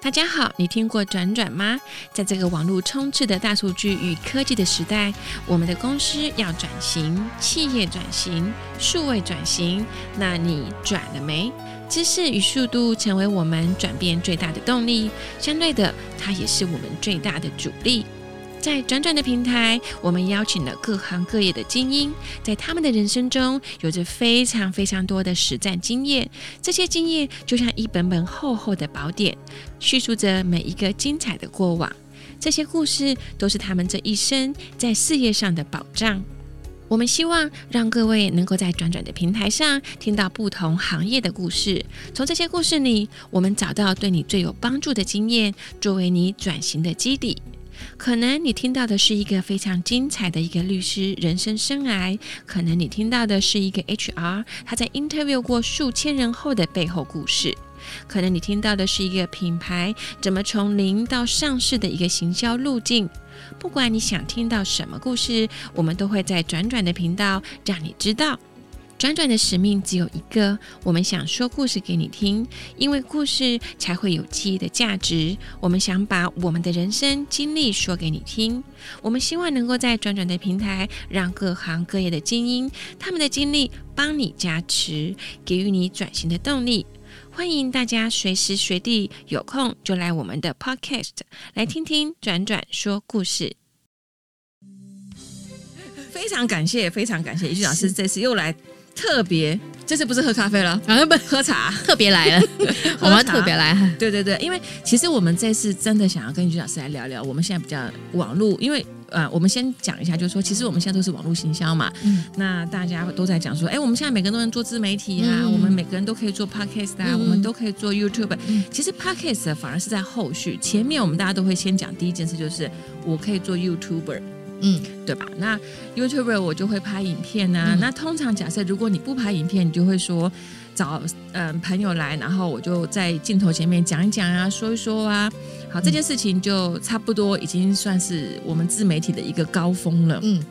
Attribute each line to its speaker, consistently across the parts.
Speaker 1: 大家好，你聽過轉轉嗎？在這個網絡充斥的大數據與科技的時代，我們的公司要轉型，企業轉型，數位轉型，那你轉了沒？知識與速度成為我們轉變最大的動力，相對的，它也是我們最大的阻力。在轉轉的平台，我們邀請了各行各業的精英，在他們的人生中有着非常非常多的實戰經驗。這些經驗就像一本本厚厚的寶典，敘述着每一個精彩的過往。這些故事都是他們這一生在事業上的保障。我們希望讓各位能夠在轉轉的平台上聽到不同行業的故事，從這些故事裡，我們找到對你最有幫助的經驗，作為你轉型的基底。可能你聽到的是一個非常精彩的一個律師人生生涯，可能你聽到的是一個 HR 他在 interview 過數千人後的背後故事，可能你聽到的是一個品牌怎麼從零到上市的一個行銷路徑。不管你想聽到什麼故事，我們都會在轉轉的頻道讓你知道。轉轉的使命只有一個：我們想說故事給你聽，因為故事才會有記憶的價值。我們想把我們的人生經歷說給你聽。我們希望能夠在轉轉的平台，讓各行各業的精英他們的經歷幫你加持，給予你轉型的動力。歡迎大家隨時隨地有空就來我們的 podcast 來聽聽轉轉說故事。非常感謝，非常感謝怡君老師這次又來。特別這次不是喝咖啡了，好、啊、像不是喝茶，特別來了， 我們特別來了。對對對，因為其實我們這次真的想要跟怡君老師來聊聊，我們現在比較網絡，因為呃，我們先講一下，就是說，其實我們現在都是網絡行銷嘛。嗯。那大家都在講說，哎，我們現在每個人都能做自媒體啊、嗯，我們每個人都可以做 Podcast、啊嗯、我們都可以做 YouTube、嗯嗯。其實 Podcast、啊、反而是在後續，前面我們大家都會先講第一件事，就是我可以做 YouTuber。嗯，對吧？那 YouTuber 我就會拍影片啊、嗯。那通常假設如果你不拍影片，你就會說找嗯、呃、朋友來，然後我就在鏡頭前面講一講啊，說一說啊。好、嗯，這件事情就差不多已經算是我們自媒體的一個高峰了。嗯。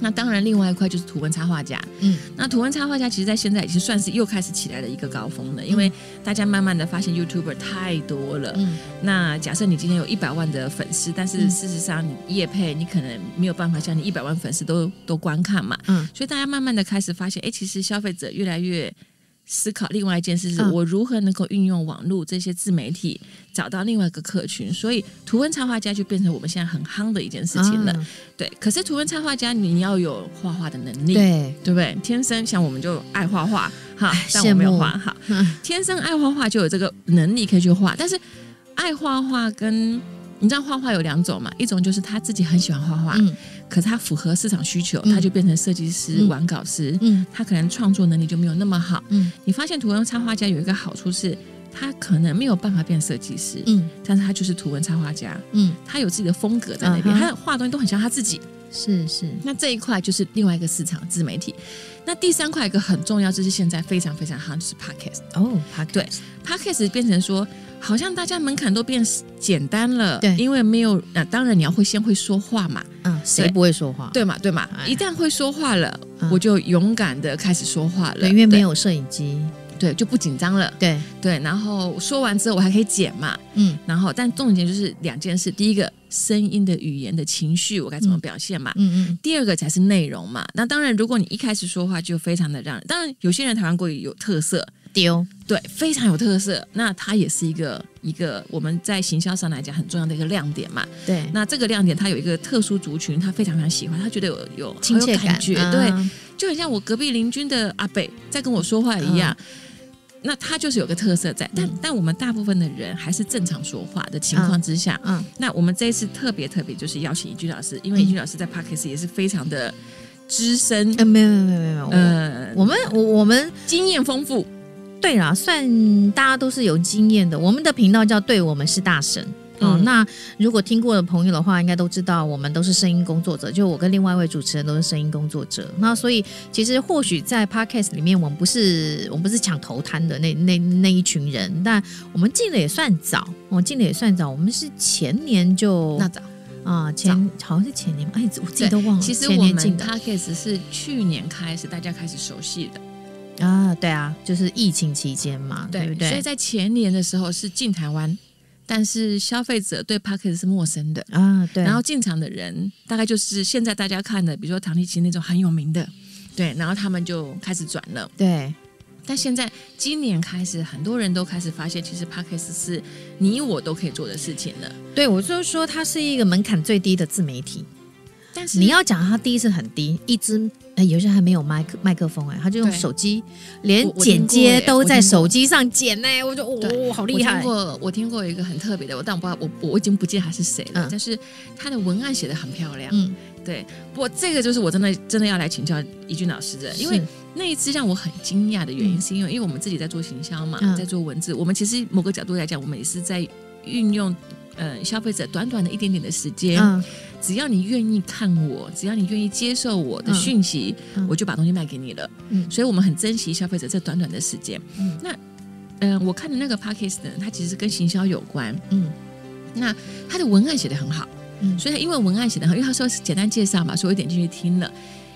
Speaker 1: 那當然，另外一塊就是圖文插畫家。嗯，那圖文插畫家其實，在現在已經算是又開始起來的一個高峰了。嗯，因為大家慢慢的發現，YouTuber 太多了。嗯，那假設你今天有一百萬的粉絲，但是事實上你業配，你可能沒有辦法像你一百萬粉絲都都觀看嘛。嗯，所以大家慢慢的開始發現，哎，其實消費者越來越。思考另外一件事是，我如何能夠運用網絡這些自媒體、啊、找到另外一個客群？所以圖文插畫家就變成我們現在很夯的一件事情了。啊、對，可是圖文插畫家你要有畫畫的能力，對，對不對？天生像我們就愛畫畫哈、哎，但我沒有畫好。天生愛畫畫就有這個能力可以去畫，但是愛畫畫跟你知道畫畫有兩種嘛？一種就是他自己很喜歡畫畫。嗯嗯可是他符合市場需求，他就變成設計師、完、嗯、稿師嗯。嗯，他可能創作能力就沒有那麼好。嗯，你發現圖文插畫家有一個好處是，他可能沒有辦法變設計師。嗯，但是他就是圖文插畫家。嗯，他有自己的風格在那邊，啊、他畫東西都很像他自己。是是。那這一塊就是另外一個市場，自媒體。那第三塊一個很重要就是現在非常非常夯就是 podcast 哦 podcast，oh，對 podcast 變成說。好像大家門檻都變簡單了，對，因為沒有啊、呃，當然你要會先會說話嘛，嗯，誰不會說話，對嘛，對嘛，一旦會說話了，嗯、我就勇敢的開始說話了，因為沒有攝影機，對，對，就不緊張了，對，對，然後說完之後我還可以剪嘛，嗯，然後但重點就是兩件事，第一個聲音的語言的情緒我該怎麼表現嘛，嗯，嗯嗯，第二個才是內容嘛，那當然如果你一開始說話就非常的讓人，當然有些人台灣國語有特色。丟對，對，非常有特色。那它也是一個一個我們在行銷上來講很重要的一個亮點嘛。對，那這個亮點他有一個特殊族群，他非常非常喜歡，他覺得有有親切感，有感覺、啊，對，就很像我隔壁鄰居的阿北在跟我說話一樣。啊、那他就是有個特色在，嗯、但但我們大部分的人還是正常說話的情況之下。嗯，嗯嗯那我們這一次特別特別就是邀請怡君老師，因為怡君老師在 Podcast 也是非常的資深，嗯，沒、呃、有沒有沒有沒
Speaker 2: 有，嗯，我們我我們經驗豐富。對啦，算大家都是有經驗的。我們的頻道叫“對我們是大神、嗯”哦。那如果聽過的朋友的話，應該都知道我們都是聲音工作者。就我跟另外一位主持人都是聲音工作者。那所以其實或許在 podcast 裡面，我們不是我們不是搶頭攤的那那那一群人，但我們進的也算早，我、哦、進的也算早。我們是前年就那早啊、哦，前好像是前年哎，我自己都忘了前年進的。其
Speaker 1: 實我們 podcast 是去年開始大家開始熟悉的。
Speaker 2: 啊，對啊，就是疫情期間嘛對，對不對？所以在
Speaker 1: 前年的時候是進台灣，但是消費者對 Podcast 是陌生的啊，對。然後進場的人大概就是現在大家看的，比如說唐立淇那種很有名的，對。然後他們就開始轉了，對。但現在今年開始，很多人都開始發現，其實 Podcast 是你我都可以做的事情了。
Speaker 2: 對，我就說它是一個門檻最低的自媒體。但是你要講他第一次很低，一支哎、欸、有時候還沒有麥克麥克風
Speaker 1: 哎、欸，他就用手機，
Speaker 2: 連剪接、欸、都在手機
Speaker 1: 上剪呢、欸，我就哇、哦、好厲害！我聽過，我聽過一個很特別的，我但我不知道我我已經不記得他是誰了，嗯、但是他的文案寫得很漂亮。嗯，對，不過這個就是我真的真的要來請教怡君老師的，因為那一次讓我很驚訝的原因，是因為因為我們自己在做行銷嘛、嗯，在做文字，我們其實某個角度來講，我們也是在運用。嗯，消費者短短的一點點的時間、嗯，只要你願意看我，只要你願意接受我的訊息、嗯嗯，我就把東西賣給你了。嗯，所以我們很珍惜消費者這短短的時間。嗯，那嗯，我看的那個 Podcast 呢，它其實跟行銷有關。嗯，那它的文案寫的很好。嗯，所以它因為文案寫的很好，因為他說是簡單介紹嘛，所以我點進去聽了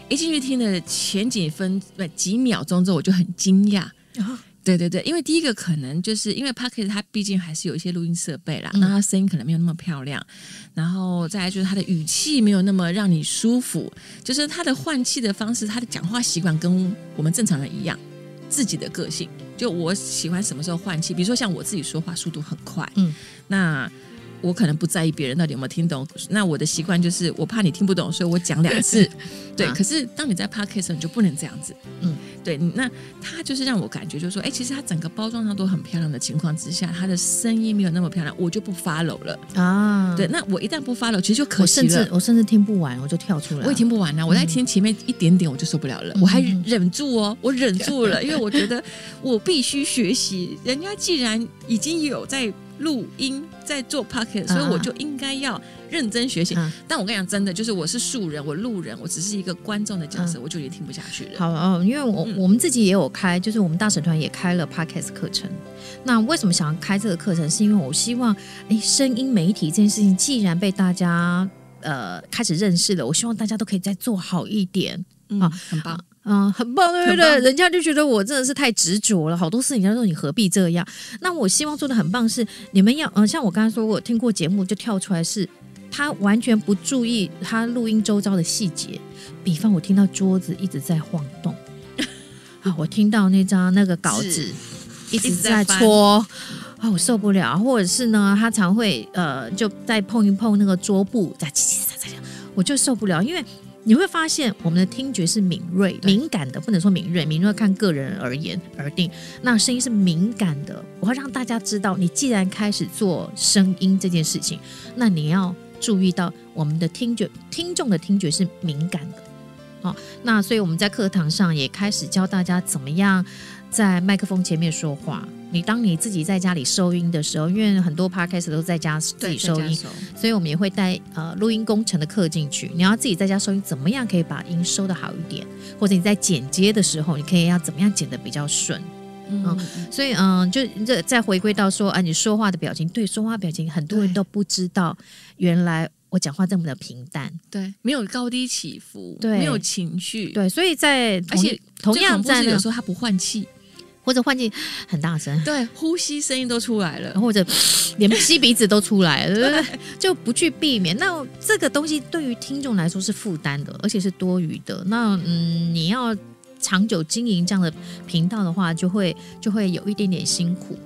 Speaker 1: 一進去聽了前幾分不幾秒鐘之後，我就很驚訝。哦對對對，因為第一個可能就是因為 Podcast 他畢竟還是有一些錄音設備啦，嗯、那他聲音可能沒有那麼漂亮，然後再來就是他的語氣沒有那麼讓你舒服，就是他的換氣的方式，他的講話習慣跟我們正常人一樣，自己的個性，就我喜歡什麼時候換氣，比如說像我自己說話速度很快，嗯，那。我可能不在意別人到底有沒有聽懂，那我的習慣就是，我怕你聽不懂，所以我講兩次。 對、啊，可是當你在 podcast 時候，你就不能這樣子。嗯，對。那他就是讓我感覺，就是說，哎、欸，其實他整個包裝上都很漂亮的情況之下，他的聲音沒有那麼漂亮，我就不 follow
Speaker 2: 了啊。對，那
Speaker 1: 我一旦不 follow，其實就可惜了。我甚至我甚至聽不完，我就跳出來。我也聽不完了、啊，我在聽前面一點點，我就受不了了、嗯。我還忍住哦，我忍住了， 因為我覺得我必須學習。人家既然已經有在錄音。在做 Podcast 所以我就應該要認真學習、啊啊。但我跟你講，真的，就是我是素人，我路人，我只是一個觀眾的角色，啊、我就已經聽不下去了。好，
Speaker 2: 哦，因為我、嗯、我們自己也有開，就是我們大神團也開了 Podcast 課程。那為什麼想要開這個課程？是因為我希望，哎，聲音媒體這件事情既然被大家呃開始認識了，我希望大家都可以再做好一點好、嗯啊、很棒。嗯，很棒對對。人家就覺得我真的是太執着了，好多事情他說你何必這樣。那我希望做得很棒是，你們要嗯、呃，像我剛才說我聽過節目就跳出來是，是他完全不注意他錄音周遭的細節，比方我聽到桌子一直在晃動，啊， 我聽到那張那個稿子一直在搓，啊、哦，我受不了，或者是呢，他常會呃，就再碰一碰那個桌布，再嘰嘰喳喳，我就受不了，因為。你會發現，我們的聽覺是敏銳、敏感的，不能說敏銳，敏銳看個人而言而定。那聲音是敏感的，我會讓大家知道，你既然開始做聲音這件事情，那你要注意到我們的聽覺，聽眾的聽覺是敏感的。好，那所以我們在課堂上也開始教大家怎麼樣在麥克風前面說話。你當你自己在家裡收音的時候，因為很多 podcast 都在家自己收音，收所以我們也會帶呃錄音工程的課進去。你要自己在家收音，怎麼樣可以把音收得好一點？或者你在剪接的時候，你可以要怎麼樣剪得比較順、嗯？嗯，所以嗯、呃，就這再回歸到說，啊，你說話的表情，對說話的表情，很多人都不知道，原來我講話這麼的平淡，
Speaker 1: 對，沒有高低起伏，對，沒有情緒，
Speaker 2: 對，所以在而
Speaker 1: 且同樣在有時候他不換氣，或者換氣很大聲，對，呼吸聲音都
Speaker 2: 出來了，或者連吸鼻子都出來了， 對，就不去避免。那這個東西對於聽眾來說是負擔的，而且是多餘的。那嗯，你要長久經營這樣的頻道的話，就會就會有一點點辛苦，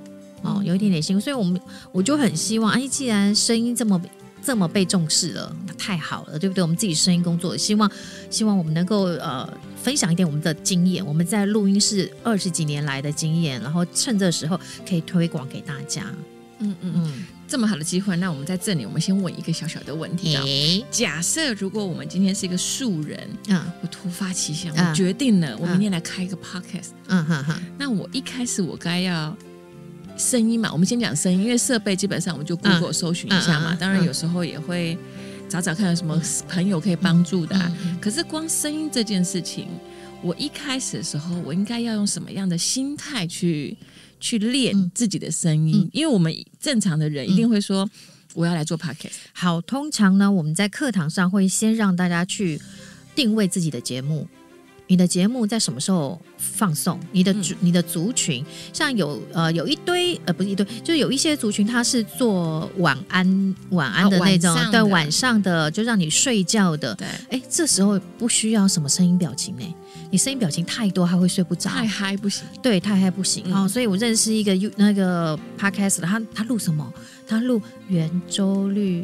Speaker 2: 哦，有一點點辛苦。所以我們我就很希望，哎，既然聲音這麼這麼被重視了，那太好了，對不對？我們自己聲音工作，希望希望我們能夠呃分享一點我們的經驗，我們在錄音室二十幾年來的經驗，然後趁這時候可以推廣給大
Speaker 1: 家。嗯嗯嗯，這麼好的機會，那我們在這裡，我們先問一個小小的問題啊、欸。假設如果我們今天是一個素人，啊、嗯，我突發奇想、嗯，我決定了，我明天來開一個 podcast 嗯哼哼、嗯嗯嗯，那我一開始我該要？聲音嘛，我們先講聲音，因為設備基本上我們就 Google 搜尋一下嘛，嗯嗯嗯、當然有時候也會找找看有什麼朋友可以幫助的、啊嗯嗯嗯嗯。可是光聲音這件事情，我一開始的時候，我應該要用什麼樣的心態去去練自己的聲音、嗯嗯？因為我們正常的人一定會說，嗯、我要來做 Podcast。好，通常呢，我們在
Speaker 2: 課堂上會先讓大家去定位自己的節目。你的節目在什麼時候放送？你的族、嗯、你的族群像有呃有一堆呃不是一堆，就有一些族群他是做晚安晚安的那種，對、哦、晚上的,晚上的就讓你睡覺的。對，哎，這時候不需要什麼聲音表情呢，你聲音表情太多他會睡不着，太嗨不行，對，太嗨不行。嗯、哦，所以我認識一個有,那個 podcast 的，他他錄什麼？他錄圓周率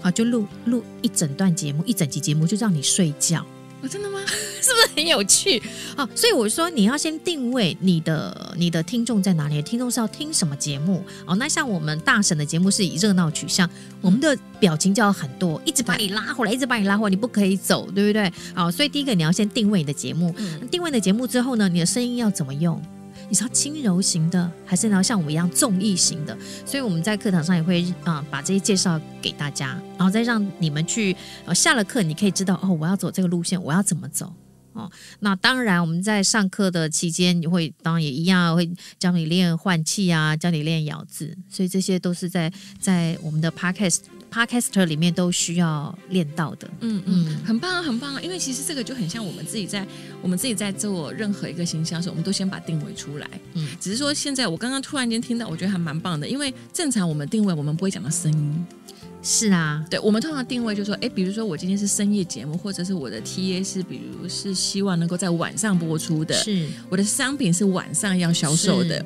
Speaker 2: 啊、哦，就錄錄一整段節目，一整集節目就讓你睡覺。真的嗎？ 是不是很有趣？好，所以我說，你要先定位你的你的聽眾在哪裡，聽眾是要聽什麼節目哦。那像我們大嬸的節目是以熱鬧取向，嗯，我們的表情就要很多，一直把你拉回來，一直把你拉回來，你不可以走，對不對？好，所以第一個你要先定位你的節目，嗯，定位了節目之後呢，你的聲音要怎麼用？你知道輕柔型的，還是你要像我們一樣綜藝型的？所以我們在課堂上也會啊、嗯、把這些介紹給大家，然後再讓你們去呃，下了課你可以知道哦，我要走這個路線，我要怎麼走。哦，那當然，我們在上課的期間，你會當然也一樣會教你練換氣啊，教你練咬字，所以這些都是在在我們的 podcast podcaster 裡面都需要練到的。嗯
Speaker 1: 嗯，很棒啊，很棒啊，因為其實這個就很像我們自己在我們自己在做任何一個形象的時候，我們都先把定位出來。嗯，只是說現在我剛剛突然間聽到，我覺得還蠻棒的，因為正常我們定位，我們不會講到聲音。是啊，對，我們通常定位就是說，哎，比如說我今天是深夜節目，或者是我的 TA 是，比如是希望能夠在晚上播出的，是，我的商品是晚上要銷售的。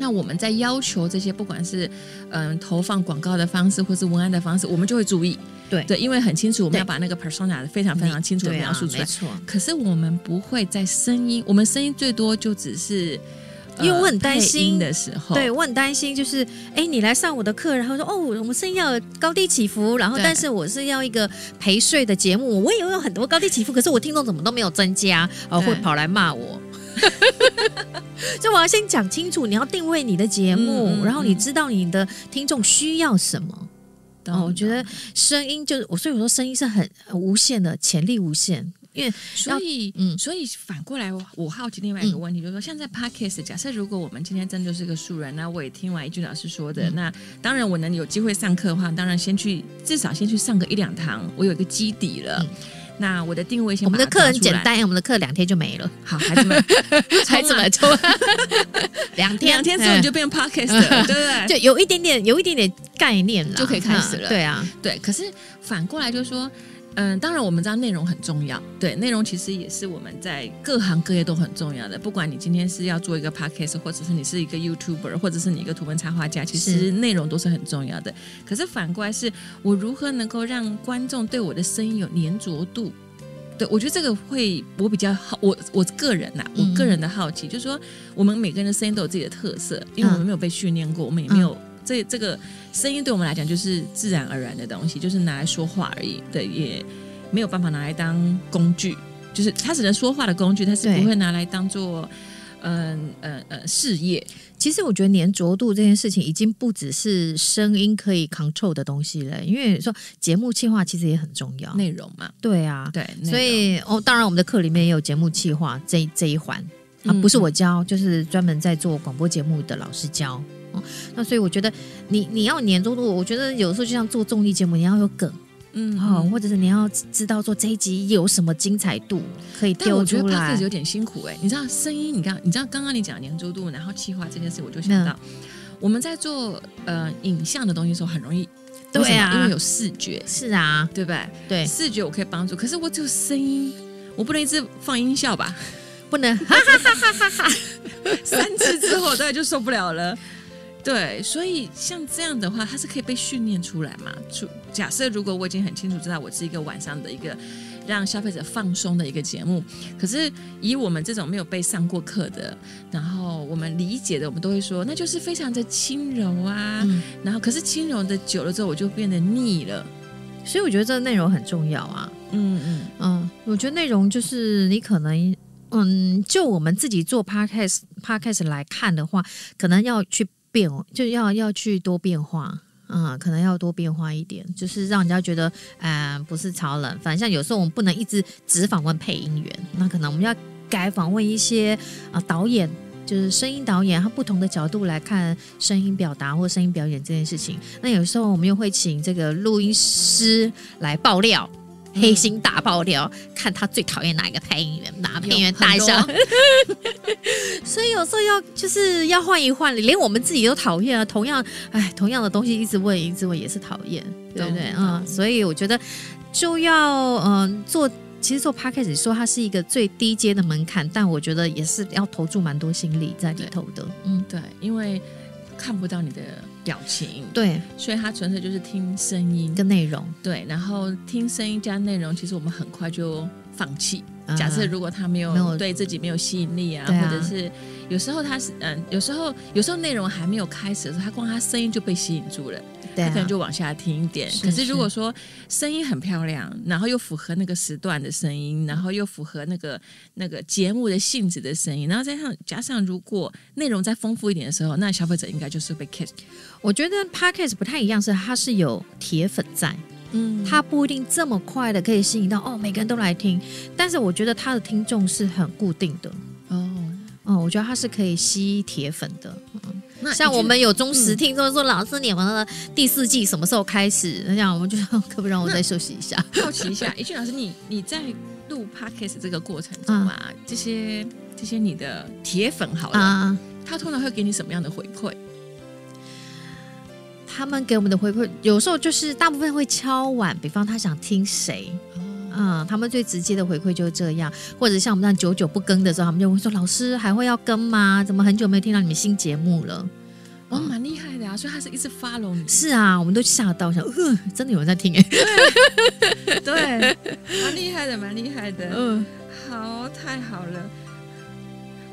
Speaker 1: 那我們在要求這些，不管是嗯投放廣告的方式，或是文案的方式，我們就會注意，對對，因為很清楚我們要把那個 persona 非常非常清楚的描述出來。啊，沒錯，可是我們不會在聲音，我們聲音最多就只是。因為我很擔心的時候，對，我
Speaker 2: 很擔心，就是哎，你來上我的課，然後說哦，我們聲音要高低起伏，然後但是我是要一個陪睡的節目，我也有很多高低起伏，可是我聽眾怎麼都沒有增加，而會跑來罵我。所 以 我要先講清楚，你要定位你的節目，嗯、然後你知道你的聽眾需要什麼。然、嗯、後、嗯、我覺得聲音就是，我所以我說聲音是很，很無限的，潛力無限。
Speaker 1: 因為所以、嗯、所以反過來，我好奇另外一個問題，就是說，現、嗯、在 Podcast，假設如果我們今天真的就是個素人，那我也聽完一句老師說的，嗯、那當然我能有機會上課的話，當然先去至少先去上個一兩堂，我有一個基底了。嗯、那我的定位先，我們的課很簡單，我們的課兩天就沒了。好，孩子們， 啊、孩子們，兩 天兩天之後你就變 Podcast 了， 對，對，對？就有一點點，有一點點概念了，就可以開始了、啊。對啊，對。可是反過來就是說。嗯，當然我們知道內容很重要，對，內容其實也是我們在各行各業都很重要的。不管你今天是要做一個 podcast 或者是你是一個 YouTuber，或者是你一個圖文插畫家，其實內容都是很重要的。是可是反過來是，是我如何能夠讓觀眾對我的聲音有粘着度？對，我覺得這個會我比較好，我我個人吶、啊，我個人的好奇、嗯、就是說，我們每個人的聲音都有自己的特色，因為我們沒有被訓練過，嗯、我們也沒有。嗯所以這個聲音，對我們來講就是自然而然的東西，就是拿來說話而已的，對，也沒有辦法拿來當工具，就是它只能說話的工具，它是不會拿來當做嗯呃呃事業。其實我覺得黏着度
Speaker 2: 這件事情已經不只是聲音可以 control 的東西了，因為說節目企劃其實也很重要，內容嘛。對啊，對，所以哦，當然我們的課裡面也有節目企劃這這一環啊，不是我教、嗯，就是專門在做廣播節目的老師教。哦、那所以我覺得你你要黏著度，我覺得有時候就像做綜藝節目，你要有梗，嗯，哦，或者是你要知道說這一集有什麼精彩度可以。但我覺得 podcast 有
Speaker 1: 點辛苦哎、欸，你知道聲音，你看，你知道剛剛你講黏著度，然後企劃這件事，我就想到我們在做呃影像的東西的時候很容易，對啊，因為有視覺，是啊，對不對？對，視覺我可以幫助，可是我只有聲音，我不能一直放音效吧？不能，哈
Speaker 2: 哈哈哈哈哈，三次之後
Speaker 1: 大家就受不了了。對，所以像這樣的話，它是可以被訓練出來嘛？就假設如果我已經很清楚知道我是一個晚上的一個讓消費者放鬆的一個節目，可是以我們這種沒有被上過課的，然後我們理解的，我們都會說那就是非常的輕柔啊、嗯。然後可是輕柔的久了之後，我就變得膩了。所以我覺得這個內容很重要啊。嗯嗯嗯，我覺得內容就是你可能
Speaker 2: 嗯，就我們自己做 podcast podcast 來看的話，可能要去。變就要要去多變化，嗯，可能要多變化一點，就是讓人家覺得，嗯、呃，不是超冷。反正像有時候我們不能一直只訪問配音員，那可能我們要改訪問一些啊、呃、導演，就是聲音導演，他不同的角度來看聲音表達或聲音表演這件事情。那有時候我們又會請這個錄音師來爆料。黑心大爆料，嗯、看他最討厭哪一個配音員，哪個配音員大一下。 所以有時候要就是要換一換，連我們自己都討厭啊。同樣，哎，同樣的東西一直問，一直問也是討厭，對不對啊、嗯？所以我覺得就要嗯、呃、做，其實做 Podcast 說它是一個最低階的門檻，但我覺得也是要投注蠻多心力在裡頭的。嗯，
Speaker 1: 對，因為看不到你的。表情對，所以他純粹就是聽聲音跟內容。對，然後聽聲音加內容，其實我們很快就放棄。嗯、假設如果他沒有，沒有對自己沒有吸引力啊，啊或者是有時候他是嗯、呃，有時候有時候內容還沒有開始的時候，他光他聲音就被吸引住了。對、啊，可能就往下聽一點，是是，可是如果說聲音很漂亮，然後又符合那個時段的聲音，然後又符合那個那個節目的性質的聲音，然後再加上加上如果內容再豐富一點的時候，那消費者應該就是被 kiss。我覺得 Podcast 不太一樣，是它是有鐵粉在，嗯，它不
Speaker 2: 一定這麼快的可以吸引到哦，每個人都來聽，但是我覺得它的聽眾是很固定的哦哦，我覺得它是可以吸鐵粉的，嗯那像我們有忠實聽眾說，說、嗯：“老師，你們的第四季什麼時候開始？”那這樣我們就可不讓我再休息一
Speaker 1: 下，嗯、好奇一下。 ”怡君老師，你你在錄 podcast 這個過程中啊，嗯、這些這些你的鐵粉好了，他、嗯、通常會給你什麼樣的回饋、嗯？
Speaker 2: 他們給我們的回饋，有時候就是大部分會敲碗，比方他想聽誰。嗯，他們最直接的回饋就是這樣，或者像我們這樣久久不更的時候，他們就會說：“老師還會要更嗎？怎麼很久沒有聽到你們新節目了？”
Speaker 1: 哦，嗯，蠻厲害的呀！所以他是一直 follow 你。
Speaker 2: 是啊，我們都嚇到，想，嗯，真的有人在聽耶！
Speaker 1: 對，蠻厲害的，蠻厲害的。嗯，好，太好了。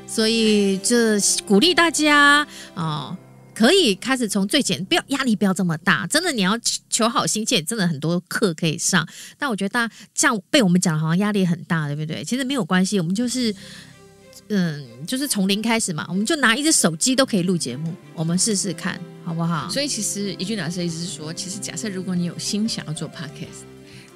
Speaker 2: 所以這鼓勵大家哦。可以開始從最簡，不要壓力不要這麼大，真的你要求好心切，真的很多課可以上。但我覺得大家這樣被我們講好像壓力很大，對不對？其實沒有關係，我們就是嗯，就是從零開始嘛，我們就拿一只手機都可以錄節目，我們試試看好不好？所
Speaker 1: 以其實怡君老師一直說，其實假設如果你有心想要做 podcast。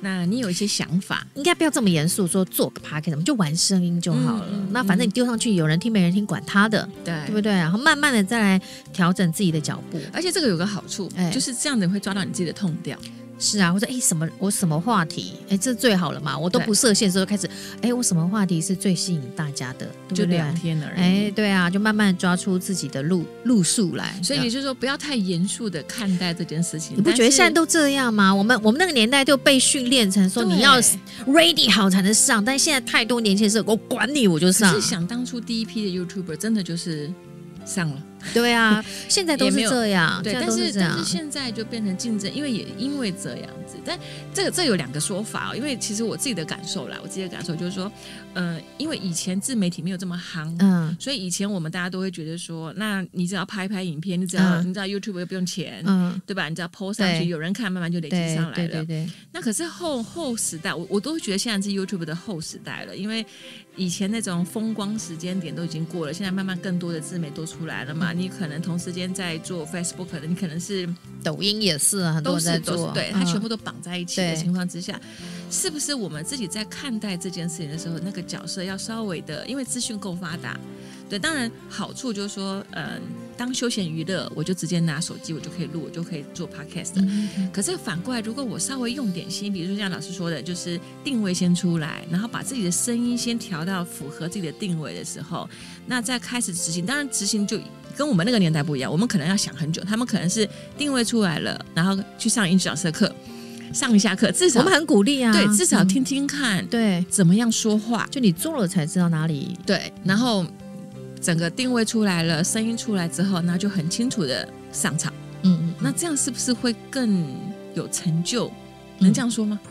Speaker 1: 那你有一些想法，
Speaker 2: 應該不要這麼嚴肅，說做個 parking，我們就玩聲音就好了。嗯、那反正你丟上去，有人聽沒人聽，管他的，對，對不對？然後慢慢的再來調整自己的腳步。而且這個有個好處，哎、就是這樣的會抓到你自己的痛調。是啊，或者哎，什麼我什麼話題，哎，這最好了嘛，我都不設限，之後開始，哎，我什麼話題是最吸引大家的？對對就聊天而已，哎，對啊，就慢慢抓出自己的路路數來。所以你就說
Speaker 1: 不要太嚴肅的看待這件事情，你不覺得現在都
Speaker 2: 這樣嗎？我們我們那個年代就被訓練成說你要 ready 好才能上，但現在太多年輕人，我管你我就上。是想
Speaker 1: 當初第一批的 YouTuber 真的就是上了。對啊，現在都是這樣。對，但是但是現在就變成競爭，因為也因為這樣子。但這個這有兩個說法哦，因為其實我自己的感受啦，我自己的感受就是說，嗯、呃，因為以前自媒體沒有這麼夯，嗯，所以以前我們大家都會覺得說，那你只要拍一拍影片，你只要、嗯，你知道 YouTube 又不用錢，嗯，對吧？你只要 PO 上去，有人看，慢慢就累積上來了。對對對，對對。那可是後後時代，我我都覺得現在是 YouTube 的後時代了，因為以前那種風光時間點都已經過了，現在慢慢更多的自媒體都出來了嘛。嗯你可能同時間在做 Facebook，可能你可能是
Speaker 2: 抖音也是很多人在做，都是做，對、嗯，它全部都
Speaker 1: 綁在一起的情況之下，是不是我們自己在看待這件事情的時候，那個角色要稍微的，因為資訊夠發達。對，當然好處就是說，嗯、呃，當休閒娛樂，我就直接拿手機，我就可以錄，我就可以做 Podcast、嗯嗯。可是反過來，如果我稍微用點心，比如說像老師說的，就是定位先出來，然後把自己的聲音先調到符合自己的定位的時候，那再開始執行。當然執行就跟我們那個年代不一樣，我們可能要想很久，他們可能是定位出來了，然後去上英語老師的課，上一下課，至少我們很鼓勵啊，對，至少聽聽聽看、嗯，對，怎麼樣說話，就你做了才知道哪裡對，然後。整個定位出來了，聲音出來之後，那就很清楚的上場。嗯嗯，那這樣是不是會更有成就？能這樣說嗎？嗯，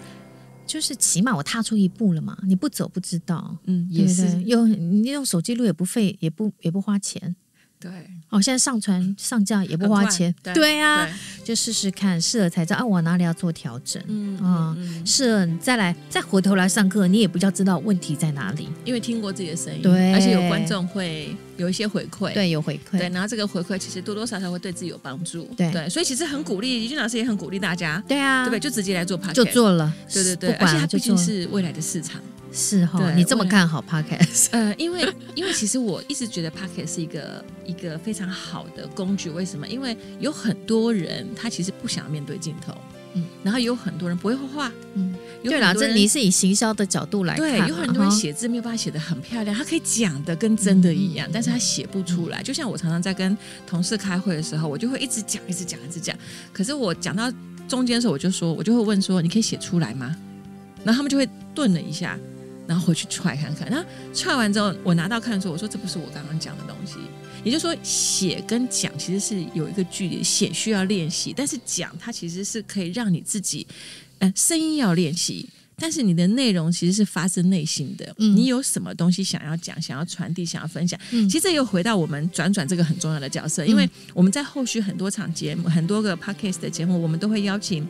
Speaker 2: 就是起碼我踏出一步了嘛，你不走不知道。嗯，也是。用你用手機錄也不費，也不也不花錢。對。哦，現在上傳上架也不花錢，對呀、啊，就試試看，試了才知道啊，我哪裡要做調整，嗯試了、嗯嗯、再來再回頭來上課，你也比較知道問題在哪裡，
Speaker 1: 因為聽過自己的聲音，對，而且有觀眾會。有一些回饋，對，有回饋，對，然後這個回饋其實多多少少會對自己有幫助，對，對所以其實很鼓勵，怡君老師也很鼓勵大家，對啊，對不對？就直接來做 Podcast，就做了，對對對，而且它畢竟是未來的市場，
Speaker 2: 是哈，你這麼看好 Podcast？
Speaker 1: 呃，因為因為其實我一直覺得 Podcast 是一個 一個非常好的工具，為什麼？因為有很多人他其實不想面對鏡頭。嗯，然後有很多人不會畫畫，嗯，對啦，這你是以行
Speaker 2: 銷的角度來看，對，有很多人寫
Speaker 1: 字沒有辦法寫得很漂亮，哦、他可以講的跟真的一樣，嗯、但是他寫不出來、嗯。就像我常常在跟同事開會的時候，我就會一直講，一直講，一直講。可是我講到中間的時候，我就說，我就會問說，你可以寫出來嗎？然後他們就會頓了一下，然後回去踹看看，然後踹完之後，我拿到看的時候，我說這不是我剛剛講的東西。也就是說，寫跟講其實是有一個距離，寫需要練習，但是講它其實是可以讓你自己，呃，聲音要練習，但是你的內容其實是發自內心的、嗯。你有什麼東西想要講、想要傳遞、想要分享、嗯？其實這又回到我們轉轉這個很重要的角色，因為我們在後續很多場節目、很多個 podcast 的節目，我們都會邀請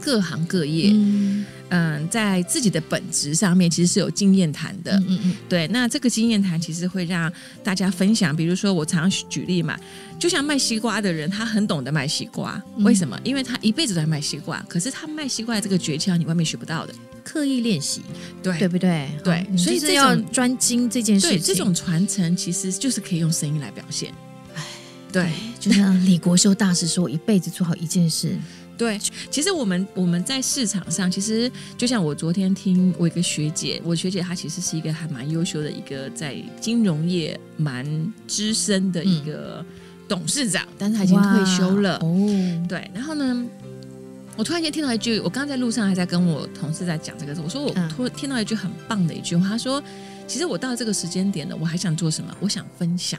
Speaker 1: 各行各業。嗯嗯，在自己的本職上面，其實是有經驗談的。嗯，嗯嗯，對。那這個經驗談，其實會讓大家分享。比如說，我常舉例嘛，就像賣西瓜的人，他很懂得賣西瓜，嗯、為什麼？因為他一輩子都在賣西瓜。可是他賣西瓜這個訣竅，你外面學不到的。刻意練習，對對不對？對，嗯、所以這要專
Speaker 2: 精這件事情，對這種
Speaker 1: 傳承，其實就是可以用聲音來表現。哎，對，就像、是、李國修大師說， 一輩子做好一件事。對，其實我們我們在市場上，其實就像我昨天聽我一個學姐，我學姐她其實是一個還蠻優秀的一個在金融業蠻資深的一個董事長，嗯、但是她已經退休了。哦，對，然後呢，我突然間聽到一句，我剛，剛在路上還在跟我同事在講這個事，我說我突聽到一句很棒的一句話，他說，其實我到這個時間點了，我還想做什麼？我想分享。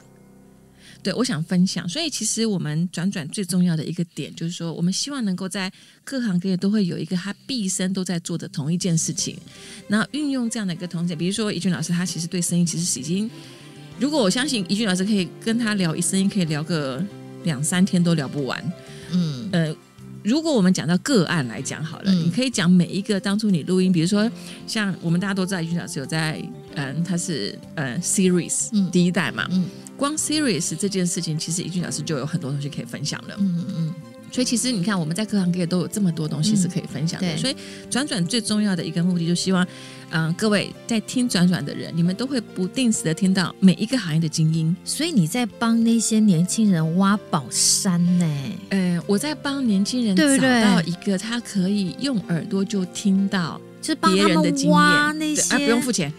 Speaker 1: 對，我想分享。所以其實我們轉轉最重要的一個點，就是說我們希望能夠在各行各業都會有一個他畢生都在做的同一件事情。那運用這樣的一個同點，比如說怡君老師，他其實對聲音其實已經，如果我相信怡君老師可以跟他聊一聲音，可以聊個兩三天都聊不完。嗯，呃，如果我們講到個案來講好了，嗯、你可以講每一個當初你錄音，比如說像我們大家都知道怡君老師有在，嗯，他是嗯 Series 嗯第一代嘛，嗯。嗯光 series 這件事情，其實怡君老師就有很多東西可以分享了。嗯嗯，所以其實你看，我們在各行各業都有這麼多東西是可以分享的。嗯、所以轉轉最重要的一個目的，就是希望嗯、呃、各位在聽轉轉的人，你們都會不定時的聽到每一個行業的精英。所以你在幫那些年輕人挖寶山呢？欸，呃，我在幫年輕人找到一個他可以用耳朵就聽到別人的經驗，就幫、是、他們挖那些，啊、不用付錢。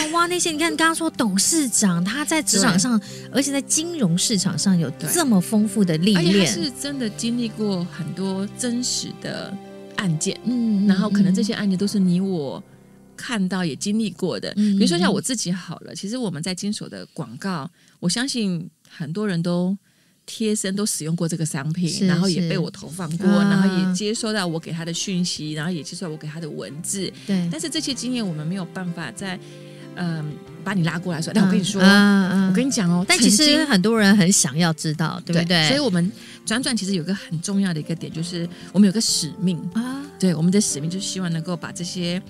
Speaker 1: 哦、哇，那些你看，剛剛說
Speaker 2: 董事長他在職場上，而且在金融市場上有這麼豐富的歷練，而且他是
Speaker 1: 真的經歷過很多真實的案件嗯。嗯，然後可能這些案件都是你我看到也經歷過的。嗯、比如說像我自己好了，其實我們在經手的廣告，我相信很多人都貼身都使用過這個商品，是是然後也被我投放過、啊，然後也接收到我給他的訊息，然後也接受我給他的文字。對，但是這些經驗我們沒有辦法在。嗯，把你拉過來說，但我跟你說，嗯嗯嗯，我跟你講哦，但其實很多人很想要知道，對不對？所以我們。轉轉其實有一個很重要的一個點，就是我們有個使命啊，對，我們的使命就是希望能夠把這些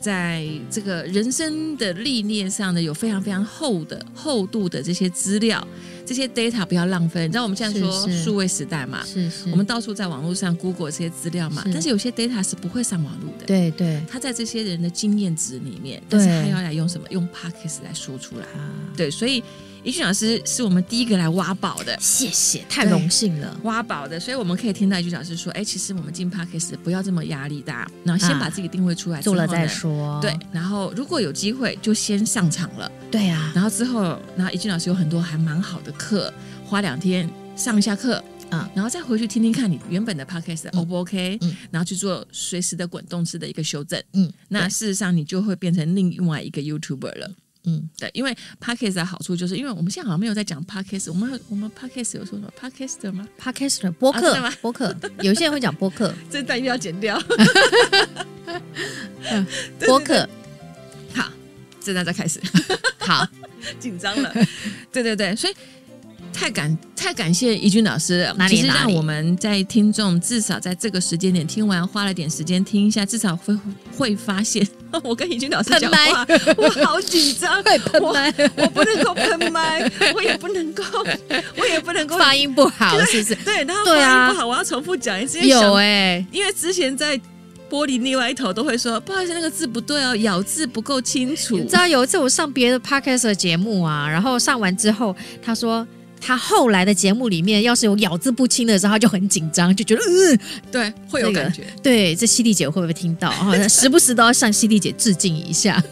Speaker 1: 在這個人生的歷練上的有非常非常厚的厚度的這些資料，這些 data 不要浪費。你知道我們現在說數位時代嘛，是是，我們到處在網絡上 Google 這些資料嘛，但是有些 data 是不會上網絡的，對對，他在這些人的經驗值裡面，但是他要來用什麼？用 Podcast 來說出來，啊，對，所以。怡君老師是我們第一個來挖寶的，謝謝，太榮幸了，挖寶的，所以我們可以聽到怡君老師說：“哎、欸，其實我們進 Podcast 不要這麼壓力大，然後先把自己定位出來、啊，做了再說。”對，然後如果有機會就先上場了、嗯。對啊，然後之後，然後怡君老師有很多還蠻好的課，花兩天上一下課，嗯，然後再回去聽聽看你原本的 Podcast o 不 ok，嗯，嗯 OK, 然後去做隨時的滾動式的一個修正，嗯，那事實上你就會變成另外一個 YouTuber 了。嗯，對，因為 podcast 的好處就是，因為我們現在好像沒有在講 podcast 我們我們 podcast 有說什麼 podcast 的嗎？podcaster 播客、啊嗎，
Speaker 2: 播客，有些人會講播客，
Speaker 1: 這段一定要剪掉。 嗯，播客，好，這段再開始， 好， 緊張了， 對對對，所以。太感太感謝怡君老師。哪裡，其實讓我們在聽眾，至少在這個時間點聽完，花了點時間聽一下，至少會會發現我跟怡君老師講話，我好緊張，我不能夠噴麥，我也不能夠，我也不能夠發音不好，是不是？對，然後發音不好，對啊、我要重複講一次。有哎、欸，因為之前在玻璃另外一頭都會說，不好意思，那個字不對哦、啊，咬字不夠清楚。你知道有一次我上別的 Podcast
Speaker 2: 節目啊，然後上完之後他說。他後來的節目裡面，要是有咬字不清的時候，他就很緊張，就覺得嗯、呃，對，會有感覺。這個、對，這西麗姐會不會聽到？像、哦、時不時都要向西麗姐致敬一下。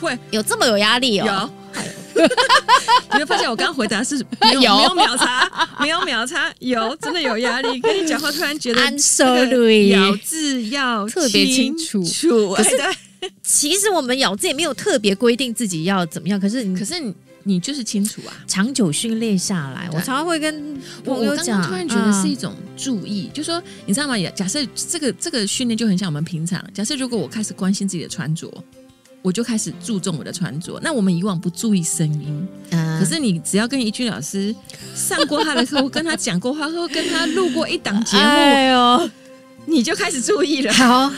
Speaker 2: 會有這麼有壓力哦？有，
Speaker 1: 哎、 你會發現我剛剛回答是 沒有秒差，沒有秒差， 有真的有壓力。跟 你講話突然覺得 sorry，咬字要特別清
Speaker 2: 楚。清楚哎、對，其實我們咬字也沒有特別規定自己要怎麼樣，可是，
Speaker 1: 可是你。你就是清楚啊！長久訓練下來，我常常會跟我講我剛剛突然覺得是一種注意，嗯、就說你知道嗎？假設這個這個訓練就很像我們平常。假設如果我開始關心自己的穿着，我就開始注重我的穿着。那我們以往不注意聲音，嗯、可是你只要跟怡君老師上過他的課， 跟他講過話，或跟他錄過一檔節目哦、哎，你就開始注意了。好，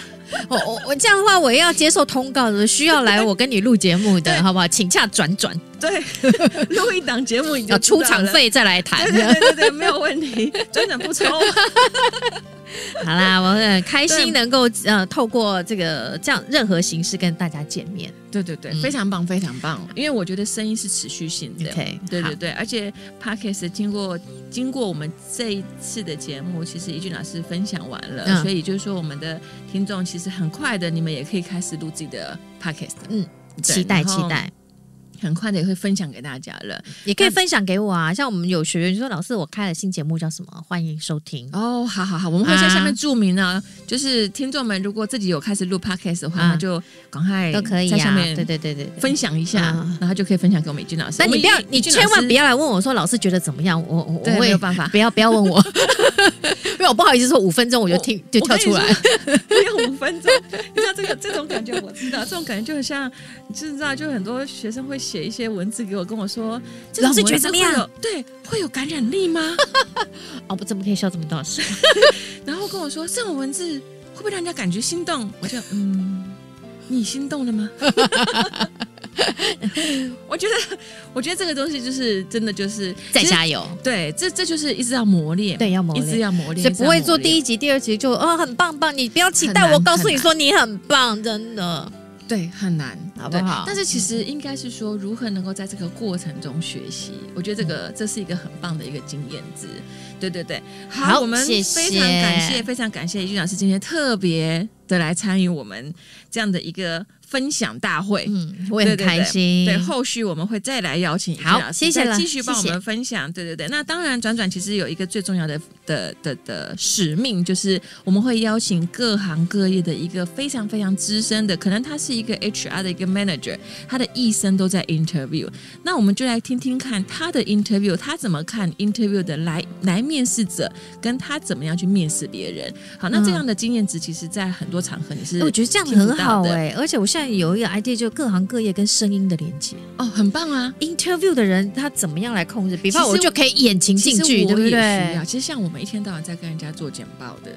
Speaker 1: 我
Speaker 2: 我我這樣的話，我要接受通告的，需要來我跟你錄節目的， 好不好？請假轉轉。
Speaker 1: 對，錄一檔節目你就要出場費
Speaker 2: 再來談。對，對
Speaker 1: 對對，沒有問題，真 的不抽。
Speaker 2: 好啦，我很開心能夠呃透過
Speaker 1: 這個這樣任何形式跟大家見面。對對對，嗯、非常棒，非常棒。因為我覺得聲音是持續性的，okay, 對對對，而且 podcast 經過經過我們這一次的節目，其實怡君老師分享完了，嗯、所以就是說我們的聽眾其實很快的，你們也可以開始錄自己的 podcast。嗯，期待期待。很快的也會分享給大家了，也可以分享給我
Speaker 2: 啊！像我們有學員就說：“老師，我開了新節目，叫什麼？
Speaker 1: 歡迎收聽。”哦，好好好，我們會在下面注明啊，啊。就是聽眾們如果自己有開始錄 Podcast 的話，啊、那就趕快都可以、啊、在下面下，對對對對，分享一下，然後就可以分享給我們怡君老師。但你不要，你千萬不要來問我說：“老師覺得怎麼樣？”我我也沒有辦法，不
Speaker 2: 要不要問我， 因為我不好意思說五分鐘我就聽我就跳出來。
Speaker 1: 五分鐘，你知道這個這種感覺我知道，這種感覺就很像，你、就是、知道，就很多學生會寫一些文字給我，跟我說，老師覺得會有對，會有感染力嗎？哦不，怎麼可以笑這麼大聲？然後跟我說，這種文字會不會讓人家感覺心動？我就嗯，你心動了嗎？ 我覺得，我覺得這個東西就是真的，就是再加油。對，這這就是一直要磨
Speaker 2: 練，對，要磨練，一直要磨練。所以不會做第一集、第二集就啊、哦，很棒棒！你不要期待我告訴你說你很
Speaker 1: 棒，真的。對，很難。好不好對？但是其實應該是說，如何能夠在這個過程中學習？嗯、我覺得這個這是一個很棒的一個經驗值。對對對好，好，我們非常感謝，謝謝非常感謝怡君老師今天特別的來參與我們這樣的一個分享大會。嗯，我也很開心對對對。對，後續我們會再來邀請怡君老師，好，謝謝了，再繼續幫我們分享。謝謝對對對，那當然，轉轉其實有一個最重要的的的的，的使命，就是我們會邀請各行各業的一個非常非常資深的，可能他是一個 HR 的一個。manager，他的一生都在 interview，那我們就來聽聽看他的 interview，他怎麼看 interview 的來來面試者，跟他怎麼樣去面試別人。好，那這樣的經驗值，其實，在很多場合你是、嗯、我覺得這樣子很好哎、欸。
Speaker 2: 而且我現在有一個 idea，就各行各業跟聲音的連接哦，很棒啊！interview 的人他怎麼樣來控制？比方我，我就可以演情境對不對？其實
Speaker 1: 像我們一天到晚在跟人家做簡報的。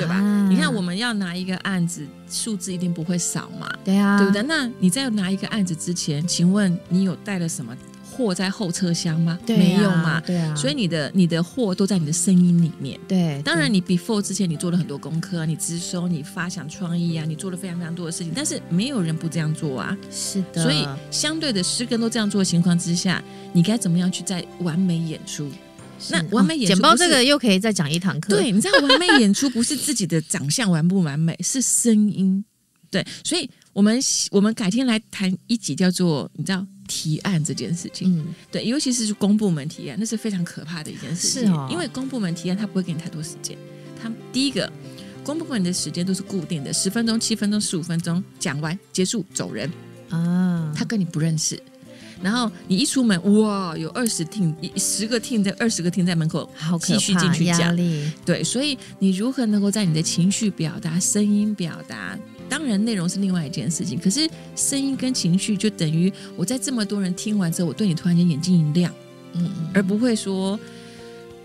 Speaker 1: 對吧？嗯、你看，我們要拿一個案子，數字一定不會少嘛。對啊，對不對？那你在拿一個案子之前，請問你有帶了什麼貨在後車廂嗎？對啊、沒有嘛？對啊。所以你的你的貨都在你的聲音裡面。對。對當然，你 before 之前你做了很多功課，你直收、你發想創意啊，你做了非常非常多的事情。但是沒有人不這樣做啊。是的。所以，相對的，十個都這樣做的情況之下，你該怎麼樣去在完美演出？那完美演出簡報這個又可以再講一堂課。 對，你知道完美演出不是自己的長相完不完美， 是聲音。對，所以我們我們改天來談一集叫做你知道提案這件事情。嗯、對，尤其是公部門提案，那是非常可怕的一件事情。是啊、哦，因為公部門提案他不會給你太多時間。他第一個公部門的時間都是固定的，十分鐘、七分鐘、十五分鐘，講完結束走人啊。他跟你不認識。然後你一出門，哇，有二十聽，十個聽在二十個聽在門口，好可怕繼續講，壓力。對，所以你如何能夠在你的情緒表達、聲音表達，當然內容是另外一件事情。可是聲音跟情緒就等於，我在這麼多人聽完之後，我對你突然間眼睛一亮，嗯，嗯，而不會說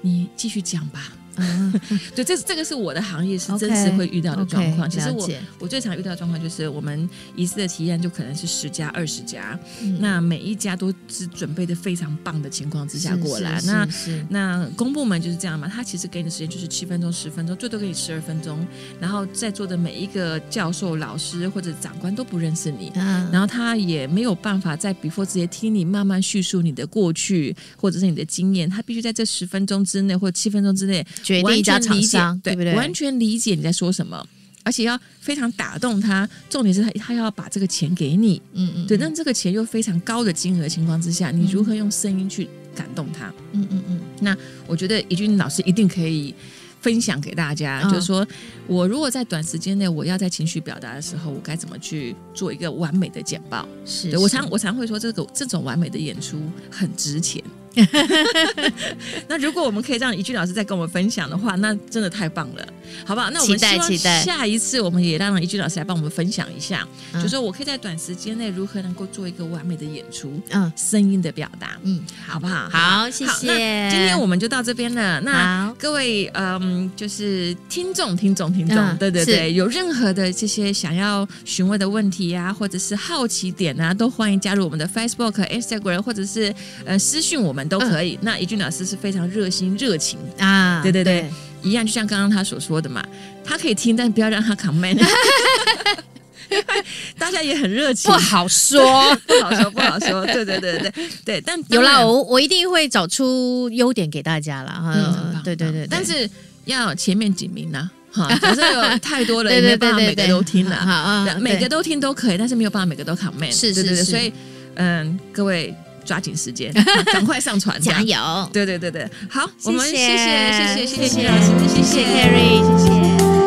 Speaker 1: 你繼續講吧。嗯， 對，這這個是我的行業 okay, 是真實會遇到的狀況。Okay, 其實我我最常遇到的狀況就是，我們一次的體驗就可能是十家、二十家、嗯，那每一家都是準備的非常棒的情況之下過來。是是是是是，那那公部門就是這樣嘛，他其實給你的時間就是七分鐘、十分鐘，最多給你十二分鐘。然後在座的每一個教授、老師或者長官都不認識你、嗯，然後他也沒有辦法在 before 之前聽你慢慢敘述你的過去或者是你的經驗，他必須在這十分鐘之內或七分鐘之內。對一家全長解，對不對？對，完全理解你在說什麼，而且要非常打動他。重點是他他要把這個錢給你，嗯，嗯嗯。對，但這個錢又非常高的金額情況之下，嗯、你如何用聲音去感動他？嗯嗯嗯。那我覺得怡君老師一定可以分享給大家，嗯、就是說我如果在短時間內我要在情緒表達的時候，我該怎麼去做一個完美的簡報？是，是我常我常會說、這個，這種這種完美的演出很值錢。 那如果我們可以讓怡君老師再跟我們分享的話，那真的太棒了，好不好？那我們期待期待下一次，我們也讓怡君老師來幫我們分享一下，就說我可以在短時間內如何能夠做一個完美的演出，嗯，聲音的表達，嗯，好不好？好，好好謝謝。今天我們就到這邊了。那各位，嗯，就是聽眾、聽眾、聽眾，對對對，嗯、有任何的這些想要詢問的問題呀、啊，或者是好奇點啊，都歡迎加入我們的 Facebook、Instagram，或者是呃私訊我們。都可以、嗯。那怡君老師是非常熱心熱情啊，對對對，對，一樣就像剛剛他所說的嘛，他可以聽，但不要讓他扛麥 因為大家也很熱情，不好說， 不好說， 不好說。對對對對對，對，但有啦，我
Speaker 2: 我一定會找出優點給大家啦。對對對，
Speaker 1: 但是要前面幾名呢、啊？哈、 啊，可是有太多了， 沒辦法每個都聽了、啊 啊，每個都聽都可以，但是沒有辦法每個都扛麥。是是是，所以嗯、呃，各位。抓緊時間，趕快上傳， 加油！對對對對，好，謝謝我們謝謝謝謝謝謝謝謝，謝謝，謝謝。謝謝謝謝謝謝。